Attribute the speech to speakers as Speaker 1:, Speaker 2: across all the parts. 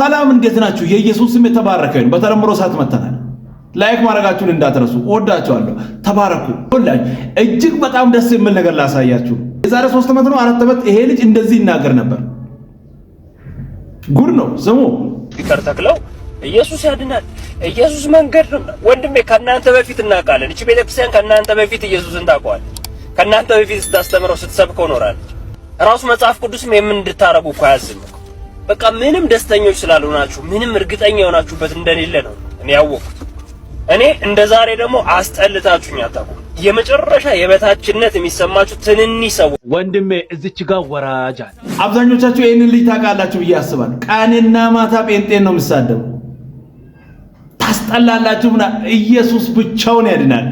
Speaker 1: ሰላም እንዴት ናችሁ? የኢየሱስ ስም የተባረከ ይሁን። በተለምሮ ሰዓት መተናል። ላይክ ማድረጋችሁን እንዳትረሱ። ወዳችኋለሁ። ተባረኩ። ሁላችሁ እጅግ በጣም ደስ የሚል ነገር ላሳያችሁ። የዛሬ ሶስት ዓመት ነው አራት ዓመት ይሄ ልጅ እንደዚህ ይናገር ነበር። ጉድ ነው ስሙ።
Speaker 2: ይቅር ተክለው ኢየሱስ ያድናል፣ ኢየሱስ መንገድ ነው። ወንድሜ ከእናንተ በፊት እናውቃለን። እቺ ቤተክርስቲያን ከእናንተ በፊት ኢየሱስን ታውቀዋለች። ከእናንተ በፊት ስታስተምረው ስትሰብከው ኖራለች። ራሱ መጽሐፍ ቅዱስም የምን እንድታረጉ እኮ አያዝም በቃ ምንም ደስተኞች ስላልሆናችሁ ምንም እርግጠኛ የሆናችሁበት እንደሌለ ነው እኔ ያወቅኩት። እኔ እንደ ዛሬ ደግሞ አስጠልታችሁኝ አታውቁም። የመጨረሻ የበታችነት የሚሰማችሁ ትንንሽ ሰዎች
Speaker 1: ወንድሜ፣ እዚች ጋር ወራጅ አለ። አብዛኞቻችሁ ይህንን ልጅ ታውቃላችሁ ብዬ አስባል ቀንና ማታ ጴንጤን ነው የምሳደቡ። ታስጠላላችሁ። ምና ኢየሱስ ብቻውን ያድናል።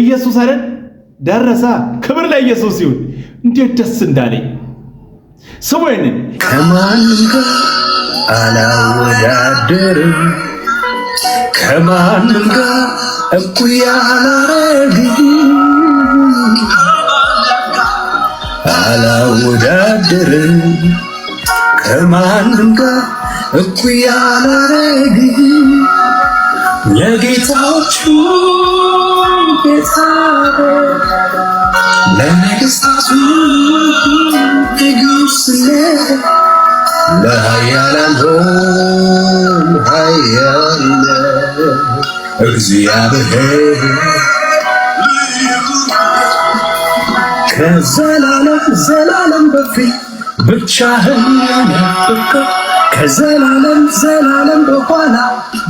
Speaker 1: ኢየሱስ አይደል ደረሳ። ክብር ለኢየሱስ ይሁን። እንዴት ደስ እንዳለኝ ስሙ ይህንን
Speaker 3: ከማንም ጋር አላወዳደርም፣ ከማንም ጋር እኩያ አላረግም፣ አላወዳደርም፣ ከማንም ጋር እኩያ አላረግም የጌታዎቹ ጌታ ለነገስታቱ ንጉስ ለኃያላን ሆይ ኃያል እግዚአብሔር ከዘላለም ዘላለም በፊት ብቻህን የምትቀር ከዘላለም ዘላለም በኋላ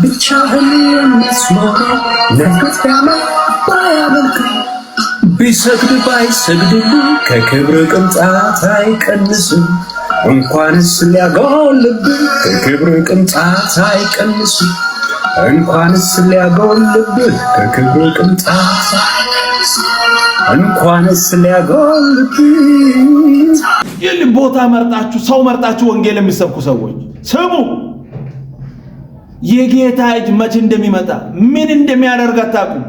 Speaker 3: ብቻህን የምትኖር ነፍስ ያመጣ ቢሰግድ ባይሰግድም ከክብር ቅንጣት አይቀንስም። እንኳንስ ሊያጎልብህ ከክብር ቅንጣት አይቀንስም። እንኳንስ ሊያጎልብህ ከክብር ቅንጣት እንኳንስ ሊያጎልብህ።
Speaker 1: ይህን ቦታ መርጣችሁ ሰው መርጣችሁ ወንጌል የሚሰብኩ ሰዎች ስሙ። የጌታ እጅ መቼ እንደሚመጣ ምን እንደሚያደርግ አታውቁም።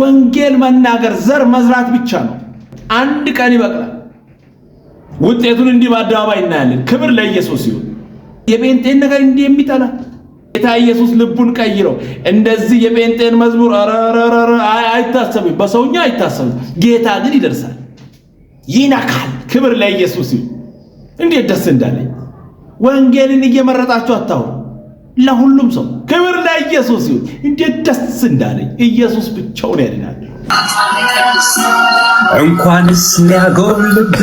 Speaker 1: ወንጌል መናገር ዘር መዝራት ብቻ ነው። አንድ ቀን ይበቅላል። ውጤቱን እንዲህ በአደባባይ እናያለን። ክብር ለኢየሱስ ይሁን። የጴንጤን ነገር እንዲህ የሚጠላ ጌታ ኢየሱስ ልቡን ቀይረው እንደዚህ የጴንጤን መዝሙር አይታሰብ፣ በሰውኛ አይታሰብ፣ ጌታ ግን ይደርሳል፣ ይነካል። ክብር ለኢየሱስ ይሁን። እንዴት ደስ እንዳለኝ! ወንጌልን እየመረጣችሁ አታውቁ ለሁሉም ሰው ክብር ለኢየሱስ ይሁን። እንዴት ደስ እንዳለኝ! ኢየሱስ ብቻውን ያድናል።
Speaker 3: እንኳንስ ሊያጎልብ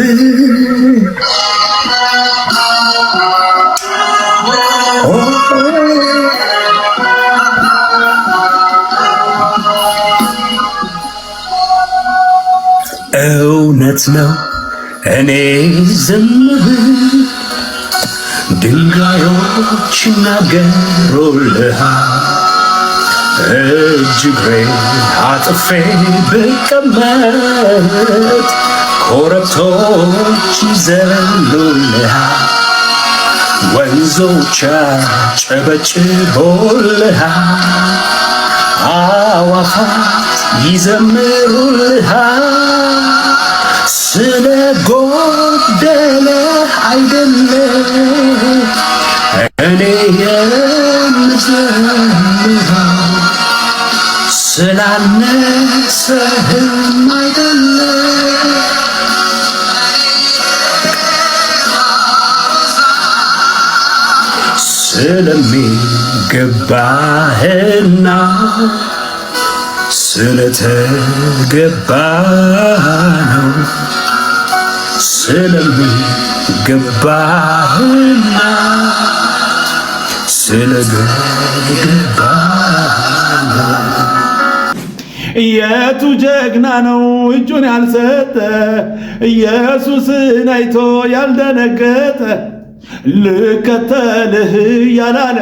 Speaker 3: እውነት ነው እኔ ብል ድንጋዮች ይናገሩልሃል እጅ አጥፌ ብቀመጥ ኮረብቶች ይዘሉልሃል ወንዞች ያጨበጭቡልሃል አዋፋት ይዘምሩልሃል ስለ ጎደለ አይደለም እኔ የምዘምረው ስላነሰህም አይደለም ስለሚገባህና ስለተገባ ነው ስለሚ ገባህና ስለገባ
Speaker 1: የቱ ጀግና ነው እጁን ያልሰጠ ኢየሱስን አይቶ ያልደነገጠ ልከተልህ ያላለ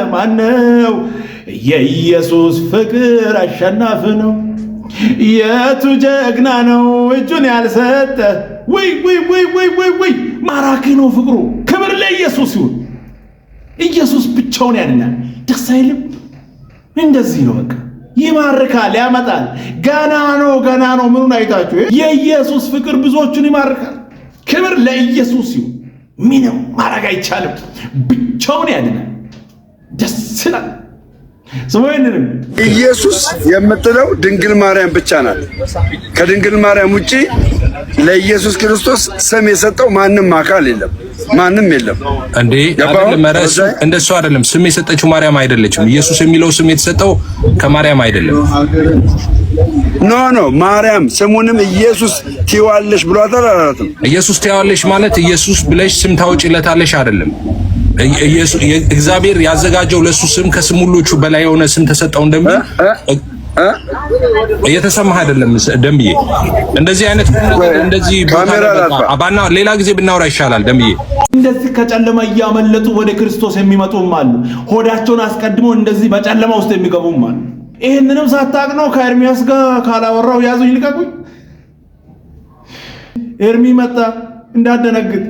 Speaker 1: የኢየሱስ ፍቅር አሸናፊ ነው። የቱ ጀግና ነው እጁን ያልሰጠ? ወይ ወይ ወይ ወይ ወይ ወይ! ማራኪ ነው ፍቅሩ። ክብር ለኢየሱስ ይሁን። ኢየሱስ ብቻውን ያድናል። ደስ አይልም? እንደዚህ ነው በቃ ይማርካል፣ ያመጣል። ገና ነው ገና ነው። ምኑን አይታችሁ? የኢየሱስ ፍቅር ብዙዎቹን ይማርካል። ክብር ለኢየሱስ ይሁን። ምንም ማድረግ አይቻልም። ብቻውን ያድናል። ደስ ይላል።
Speaker 4: ኢየሱስ የምትለው ድንግል ማርያም ብቻ ናት። ከድንግል ማርያም ውጪ ለኢየሱስ ክርስቶስ ስም የሰጠው ማንም አካል የለም፣ ማንም የለም።
Speaker 5: እንዴ እንደሱ አይደለም። ስም የሰጠችው ማርያም አይደለችም። ኢየሱስ የሚለው ስም የተሰጠው ከማርያም አይደለም።
Speaker 4: ኖ ኖ ማርያም ስሙንም ኢየሱስ ትይዋለሽ ብሏታል አላላትም?
Speaker 5: ኢየሱስ ትይዋለሽ ማለት ኢየሱስ ብለሽ ስም ታውጪለታለሽ አይደለም እግዚአብሔር ያዘጋጀው ለእሱ ስም ሁሎቹ በላይ የሆነ ስም ተሰጠው እንደሚል እየተሰማህ አይደለም ደምዬ። እንደዚህ አይነት እንደዚህ አባና ሌላ ጊዜ ብናወራ ይሻላል ደምዬ።
Speaker 1: እንደዚህ ከጨለማ እያመለጡ ወደ ክርስቶስ የሚመጡም አሉ። ሆዳቸውን አስቀድሞ እንደዚህ በጨለማ ውስጥ የሚገቡም አሉ። ይህንንም ሳታቅ ነው ከኤርሚያስ ጋር ካላወራው ያዙኝ ልቀቁኝ። ኤርሚ መጣ እንዳደነግጥ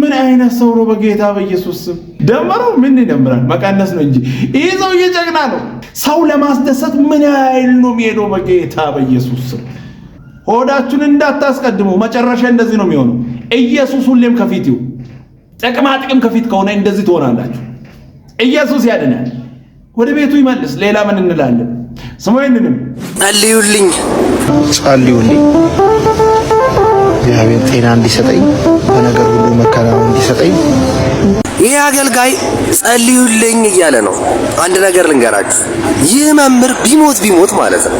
Speaker 1: ምን አይነት ሰው ነው? በጌታ በኢየሱስ ስም ደመረው። ምን ይደምራል? መቀነስ ነው እንጂ ይህ ሰው እየጨቅና ነው። ሰው ለማስደሰት ምን ያህል ነው የሚሄደው? በጌታ በኢየሱስ ስም ሆዳችሁን እንዳታስቀድሙ። መጨረሻ እንደዚህ ነው የሚሆነው። ኢየሱስ ሁሌም ከፊት ይሁን። ጥቅማ ጥቅም ከፊት ከሆነ እንደዚህ ትሆናላችሁ። ኢየሱስ ያድናል፣ ወደ ቤቱ ይመልስ። ሌላ ምን እንላለን? ስሙ ይንንም
Speaker 6: ጸልዩልኝ፣
Speaker 7: ጸልዩልኝ እግዚአብሔር ጤና እንዲሰጠኝ በነገ መከናወን እንዲሰጠኝ
Speaker 6: ይህ አገልጋይ ጸልዩልኝ እያለ ነው። አንድ ነገር ልንገራችሁ፣ ይህ መምህር ቢሞት ቢሞት ማለት ነው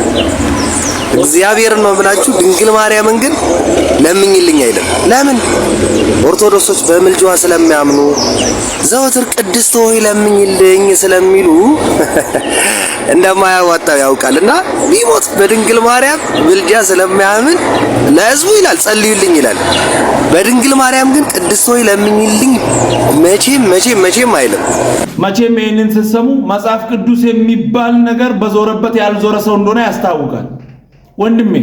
Speaker 6: እግዚአብሔርን ነው የምላችሁ። ድንግል ማርያምን ግን ለምኝልኝ አይልም። ለምን? ኦርቶዶክሶች በምልጃዋ ስለሚያምኑ ዘወትር ቅድስት ሆይ ለምኝልኝ ስለሚሉ እንደማያዋጣው ያውቃል እና ቢሞት በድንግል ማርያም ምልጃ ስለሚያምን ለሕዝቡ ይላል ጸልዩልኝ ይላል። በድንግል ማርያም ግን ቅድስት ሆይ ለምኝልኝ መቼም መቼም መቼም አይልም።
Speaker 1: መቼም ይህንን ስትሰሙ መጽሐፍ ቅዱስ የሚባል ነገር በዞረበት ያልዞረ ሰው እንደሆነ ያስታውቃል። ወንድሜ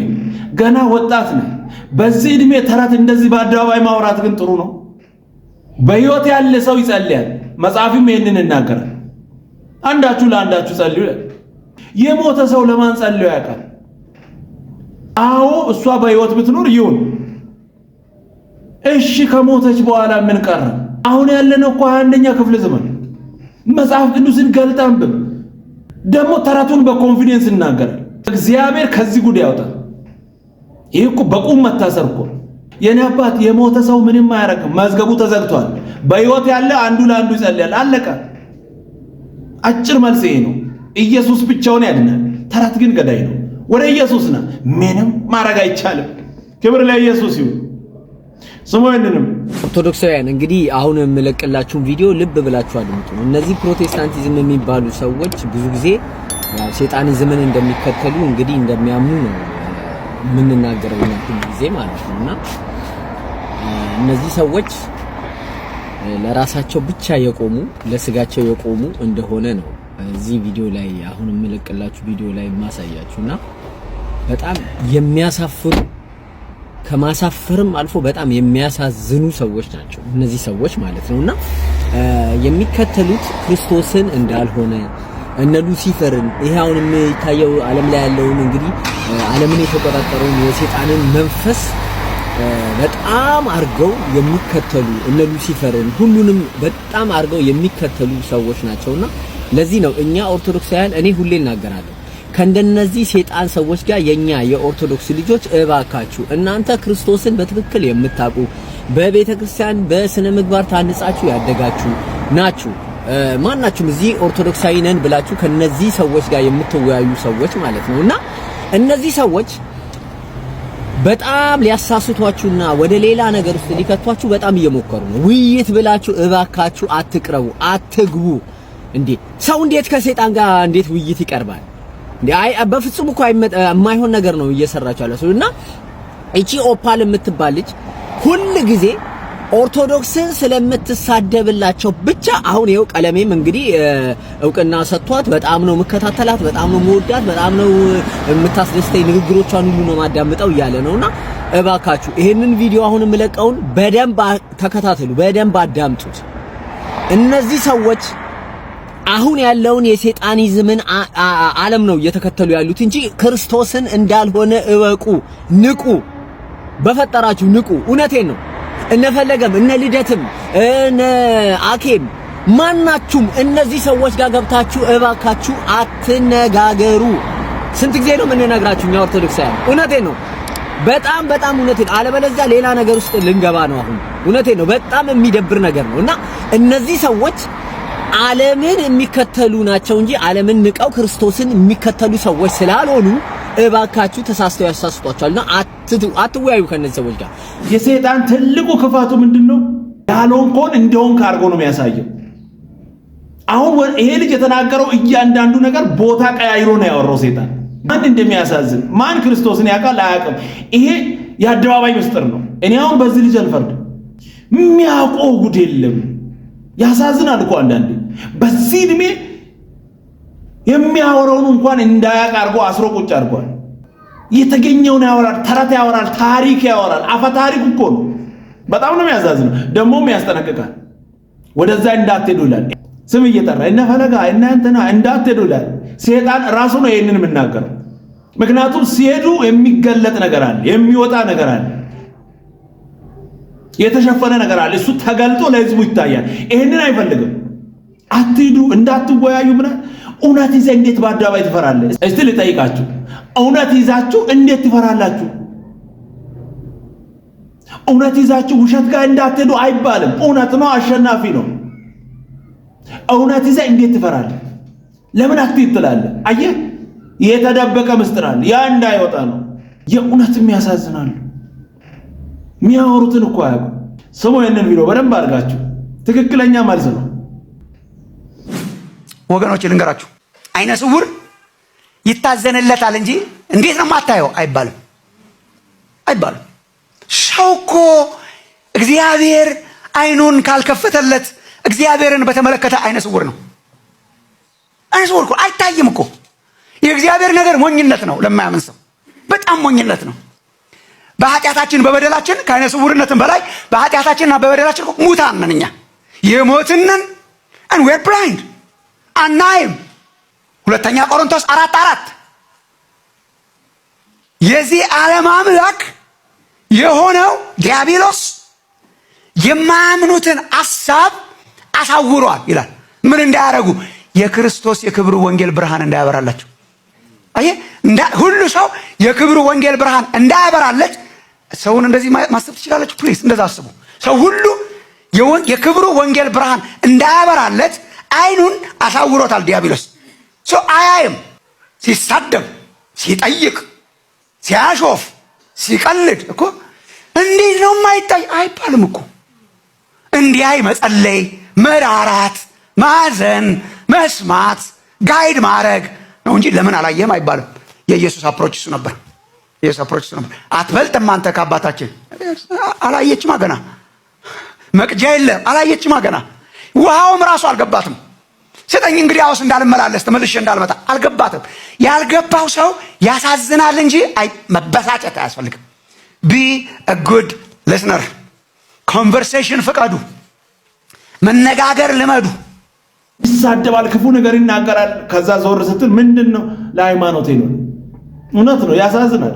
Speaker 1: ገና ወጣት ነህ። በዚህ እድሜ ተረት እንደዚህ በአደባባይ ማውራት ግን ጥሩ ነው። በህይወት ያለ ሰው ይጸልያል። መጽሐፍም ይህንን ይናገራል። አንዳችሁ ለአንዳችሁ ጸልዩ። የሞተ ሰው ለማን ጸልዮ ያውቃል? አዎ እሷ በህይወት ብትኖር ይሁን እሺ። ከሞተች በኋላ ምን ቀረ? አሁን ያለነው እኮ አንደኛ ክፍል ዘመን መጽሐፍ ቅዱስን ገልጠንብን ደግሞ ተረቱን በኮንፊደንስ እናገራል። እግዚአብሔር ከዚህ ጉድ ያውጣ። ይህ እኮ በቁም መታሰር እኮ የኔ አባት የሞተ ሰው ምንም አያረግም። መዝገቡ ተዘግቷል። በህይወት ያለ አንዱ ለአንዱ ይጸልያል። አለቀ። አጭር መልስ ይሄ ነው። ኢየሱስ ብቻውን ያድናል። ተረት ግን ገዳይ ነው። ወደ ኢየሱስ ና። ምንም ማድረግ አይቻልም። ክብር ለኢየሱስ ይሁን። ስሞይንንም
Speaker 8: ኦርቶዶክሳውያን እንግዲህ አሁን የምለቅላችሁን ቪዲዮ ልብ ብላችሁ አድምጡ። እነዚህ ፕሮቴስታንቲዝም የሚባሉ ሰዎች ብዙ ጊዜ ሴጣኒዝምን እንደሚከተሉ እንግዲህ እንደሚያምኑ ነው የምንናገረው ሁል ጊዜ ማለት ነው። እና እነዚህ ሰዎች ለራሳቸው ብቻ የቆሙ ለስጋቸው የቆሙ እንደሆነ ነው እዚህ ቪዲዮ ላይ አሁን የምለቅላችሁ ቪዲዮ ላይ የማሳያችሁ እና በጣም የሚያሳፍሩ ከማሳፈርም አልፎ በጣም የሚያሳዝኑ ሰዎች ናቸው እነዚህ ሰዎች ማለት ነው እና የሚከተሉት ክርስቶስን እንዳልሆነ እነ ሉሲፈርን ይሄ አሁን የሚታየው ዓለም ላይ ያለውን እንግዲህ ዓለምን የተቆጣጠረውን የሴጣንን መንፈስ በጣም አርገው የሚከተሉ እነ ሉሲፈርን ሁሉንም በጣም አርገው የሚከተሉ ሰዎች ናቸውና ለዚህ ነው እኛ ኦርቶዶክሳውያን እኔ ሁሌ እናገራለሁ ከእንደነዚህ ሴጣን ሰዎች ጋር የኛ የኦርቶዶክስ ልጆች እባካችሁ እናንተ ክርስቶስን በትክክል የምታውቁ በቤተክርስቲያን በስነ ምግባር ታንጻችሁ ያደጋችሁ ናችሁ ማናችሁም እዚህ ኦርቶዶክሳዊ ነን ብላችሁ ከነዚህ ሰዎች ጋር የምትወያዩ ሰዎች ማለት ነው እና እነዚህ ሰዎች በጣም ሊያሳስቷችሁና ወደ ሌላ ነገር ውስጥ ሊከቷችሁ በጣም እየሞከሩ ነው። ውይይት ብላችሁ እባካችሁ አትቅረቡ፣ አትግቡ። እንዴ ሰው እንዴት ከሰይጣን ጋር እንዴት ውይይት ይቀርባል? እንዴ አይ በፍጹም እኮ የማይሆን ነገር ነው እየሰራችሁ ያለው እና እቺ ኦፓል የምትባል ልጅ ሁል ጊዜ ኦርቶዶክስን ስለምትሳደብላቸው ብቻ አሁን ይኸው ቀለሜም እንግዲህ እውቅና ሰጥቷት በጣም ነው የምከታተላት፣ በጣም ነው የምወዳት፣ በጣም ነው የምታስደስተኝ፣ ንግግሮቿን ሁሉ ነው ማዳምጠው እያለ ነውና እባካችሁ ይህንን ቪዲዮ አሁን የምለቀውን በደንብ ተከታተሉ፣ በደንብ አዳምጡት። እነዚህ ሰዎች አሁን ያለውን የሴጣኒዝምን ዓለም ነው እየተከተሉ ያሉት እንጂ ክርስቶስን እንዳልሆነ እወቁ፣ ንቁ፣ በፈጠራችሁ ንቁ። እውነቴን ነው። እነፈለገም እነ ልደትም እነ አኬም ማናችሁም እነዚህ ሰዎች ጋር ገብታችሁ እባካችሁ አትነጋገሩ። ስንት ጊዜ ነው የምንነግራችሁ እኛ ኦርቶዶክሳውያን? እውነቴን ነው። በጣም በጣም እውነቴን ነው። አለበለዚያ ሌላ ነገር ውስጥ ልንገባ ነው። አሁን እውነቴን ነው። በጣም የሚደብር ነገር ነው እና እነዚህ ሰዎች ዓለምን የሚከተሉ ናቸው እንጂ ዓለምን ንቀው ክርስቶስን የሚከተሉ ሰዎች ስላልሆኑ እባካችሁ ተሳስተው ያሳስቷቸዋልና አትወያዩ ከነዚህ ሰዎች ጋር።
Speaker 1: የሰይጣን ትልቁ ክፋቱ ምንድነው? ነው? ያልሆንከውን እንደሆንክ አድርጎ ነው የሚያሳየው። አሁን ይሄ ልጅ የተናገረው እያንዳንዱ ነገር ቦታ ቀያይሮ ነው ያወራው ሰይጣን። ማን እንደሚያሳዝን ማን ክርስቶስን ያውቃል አያውቅም? ይሄ የአደባባይ ምስጢር ነው። እኔ አሁን በዚህ ልጅ አልፈርድ። የሚያውቀው ጉድ የለም። ያሳዝናል እኮ አንዳንዴ በዚህ ዕድሜ የሚያወራውን እንኳን እንዳያቅ አርጎ አስሮ ቁጭ አድርጓል። የተገኘውን ያወራል፣ ተረት ያወራል፣ ታሪክ ያወራል። አፈ ታሪክ እኮ ነው። በጣም ነው የሚያዛዝነው። ደግሞም ያስጠነቅቃል። ወደዛ እንዳትሄዱ ስም እየጠራ እነ ፈለጋ እነ እንትና እንዳትሄዱ ሴጣን ራሱ ነው ይህንን የምናገረው። ምክንያቱም ሲሄዱ የሚገለጥ ነገር አለ፣ የሚወጣ ነገር አለ፣ የተሸፈነ ነገር አለ። እሱ ተገልጦ ለህዝቡ ይታያል። ይህንን አይፈልግም። አትሂዱ እንዳትወያዩ ምናምን እውነት ይዘህ እንዴት በአደባባይ ትፈራለህ? እስቲ ልጠይቃችሁ፣ እውነት ይዛችሁ እንዴት ትፈራላችሁ? እውነት ይዛችሁ ውሸት ጋር እንዳትሄዱ አይባልም። እውነት ነው፣ አሸናፊ ነው። እውነት ይዘህ እንዴት ትፈራለህ? ለምን አክቲቭ ትላለህ? አየህ፣ የተደበቀ ምስጢር አለ፣ ያ እንዳይወጣ ነው። የእውነትም ያሳዝናሉ። የሚያወሩትን እኮ አያውቁም። ስሙ፣ ይህንን ቪዲዮ በደንብ አድርጋችሁ ትክክለኛ መልስ ነው ወገኖች ልንገራችሁ፣ አይነ ስውር ይታዘንለታል እንጂ እንዴት ነው ማታየው አይባልም፣ አይባልም። ሰው እኮ እግዚአብሔር አይኑን ካልከፈተለት እግዚአብሔርን በተመለከተ አይነ ስውር ነው። አይነ ስውር እኮ አይታይም እኮ። የእግዚአብሔር ነገር ሞኝነት ነው ለማያምን ሰው በጣም ሞኝነት ነው። በኃጢአታችን በበደላችን ከአይነ ስውርነትን በላይ በኃጢአታችንና በበደላችን ሙታን ነን እኛ የሞትንን ን we አናይም። ሁለተኛ ቆሮንቶስ አራት አራት የዚህ ዓለም አምላክ የሆነው ዲያብሎስ የማያምኑትን አሳብ አሳውሯል ይላል። ምን እንዳያረጉ የክርስቶስ የክብሩ ወንጌል ብርሃን እንዳያበራላቸው። ሁሉ ሰው የክብሩ ወንጌል ብርሃን እንዳያበራለች ሰውን እንደዚህ ማሰብ ትችላለች። ፕሊስ እንደዛ አስቡ። ሰው ሁሉ የክብሩ ወንጌል ብርሃን እንዳያበራለት አይኑን አሳውሮታል ዲያብሎስ። ሰው አያይም። ሲሳደብ፣ ሲጠይቅ፣ ሲያሾፍ፣ ሲቀልድ እኮ እንዴት ነው የማይታይ አይባልም እኮ እንዲያይ መጸለይ፣ መራራት፣ ማዘን፣ መስማት፣ ጋይድ ማድረግ ነው እንጂ ለምን አላየም አይባልም። የኢየሱስ አፕሮች እሱ ነበር። ኢየሱስ አፕሮች እሱ ነበር። አትበልጥም አንተ ከአባታችን። አላየችማ ገና መቅጃ የለም አላየችማ ገና ውሃውም ራሱ አልገባትም። ስጠኝ እንግዲህ አውስ እንዳልመላለስ ተመልሼ እንዳልመጣ አልገባትም። ያልገባው ሰው ያሳዝናል እንጂ መበሳጨት አያስፈልግም። ቢ ጉድ ሊስነር ኮንቨርሴሽን ፍቀዱ፣ መነጋገር ልመዱ። ይሳደባል፣ ክፉ ነገር ይናገራል። ከዛ ዞር ስትል ምንድን ነው ለሃይማኖት ነው። እውነት ነው፣ ያሳዝናል።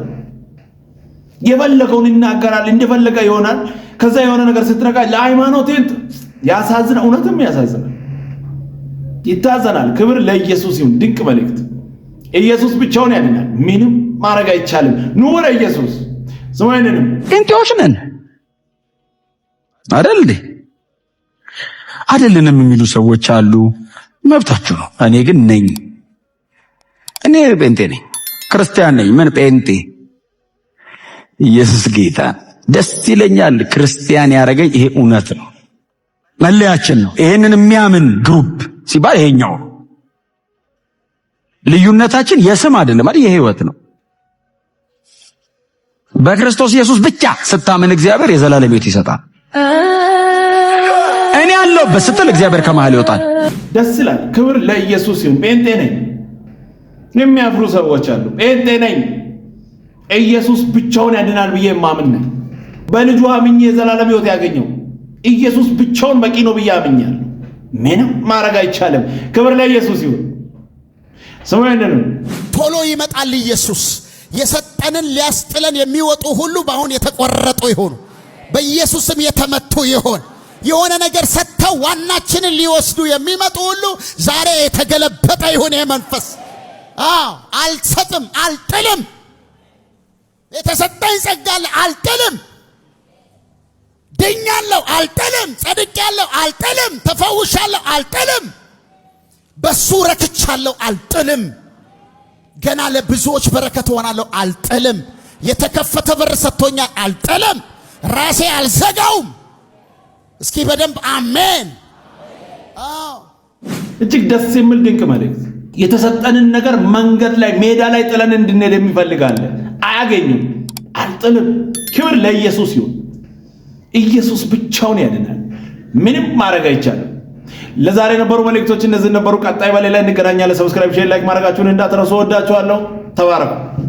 Speaker 1: የፈለገውን ይናገራል፣ እንደፈለገ ይሆናል። ከዛ የሆነ ነገር ስትነቃ ለሃይማኖት ያሳዝናል። እውነትም ያሳዝናል። ይታዘናል። ክብር ለኢየሱስ ይሁን። ድንቅ መልእክት። ኢየሱስ ብቻውን ያድናል። ምንም ማድረግ አይቻልም። ኑ ኢየሱስ። ስወይንንም
Speaker 9: ጴንጤዎች ነን አደል አደለንም የሚሉ ሰዎች አሉ። መብታችሁ ነው። እኔ ግን ነኝ። እኔ ጴንጤ ነኝ፣ ክርስቲያን ነኝ። ምን ጴንጤ ኢየሱስ ጌታ ደስ ይለኛል። ክርስቲያን ያደረገኝ ይሄ እውነት ነው፣ መለያችን ነው። ይሄንን የሚያምን ግሩፕ ሲባል ይሄኛው ነው። ልዩነታችን የስም አይደለም አይደል? የህይወት ነው። በክርስቶስ ኢየሱስ ብቻ ስታምን እግዚአብሔር የዘላለም ህይወት ይሰጣል። እኔ አለሁበት ስትል እግዚአብሔር ከመሃል ይወጣል።
Speaker 1: ደስ ይላል። ክብር ለኢየሱስ ይሁን። ጴንጤ ነኝ የሚያፍሩ ሰዎች አሉ። ጴንጤ ነኝ ኢየሱስ ብቻውን ያድናል ብዬ የማምን ነኝ። በልጁ አምኜ የዘላለም ህይወት ያገኘው ኢየሱስ ብቻውን በቂ ነው ብዬ አምኛለሁ። ምንም ማድረግ አይቻልም። ክብር ለኢየሱስ ይሁን። ስሙ ቶሎ ይመጣል ኢየሱስ። የሰጠንን ሊያስጥለን የሚወጡ ሁሉ በአሁን የተቆረጡ ይሆኑ፣ በኢየሱስም የተመቱ ይሆን። የሆነ ነገር ሰጥተው ዋናችንን ሊወስዱ የሚመጡ ሁሉ ዛሬ የተገለበጠ ይሁን። የመንፈስ አዎ፣ አልሰጥም፣ አልጥልም። የተሰጠኝ ጸጋ አልጥልም ድኛለሁ አልጥልም፣ ጸድቄያለሁ አልጥልም፣ ተፈውሻለሁ አልጥልም፣ በሱ ረክቻለሁ አልጥልም፣ ገና ለብዙዎች በረከት ሆናለሁ አልጥልም፣ የተከፈተ በር ሰጥቶኛል አልጥልም፣ ራሴ አልዘጋውም። እስኪ በደንብ አሜን። እጅግ ደስ የሚል ድንቅ መልእክት። የተሰጠንን ነገር መንገድ ላይ ሜዳ ላይ ጥለን እንድንሄድ የሚፈልጋለን አያገኝም። አልጥልም። ክብር ለኢየሱስ ይሁን። ኢየሱስ ብቻውን ያድናል። ምንም ማድረግ አይቻልም። ለዛሬ የነበሩ መልእክቶች እነዚህ ነበሩ። ቀጣይ በሌላ እንገናኛለን። ሰብስክራይብ፣ ሼር፣ ላይክ ማድረጋችሁን እንዳትረሱ። ወዳችኋለሁ። ተባረኩ።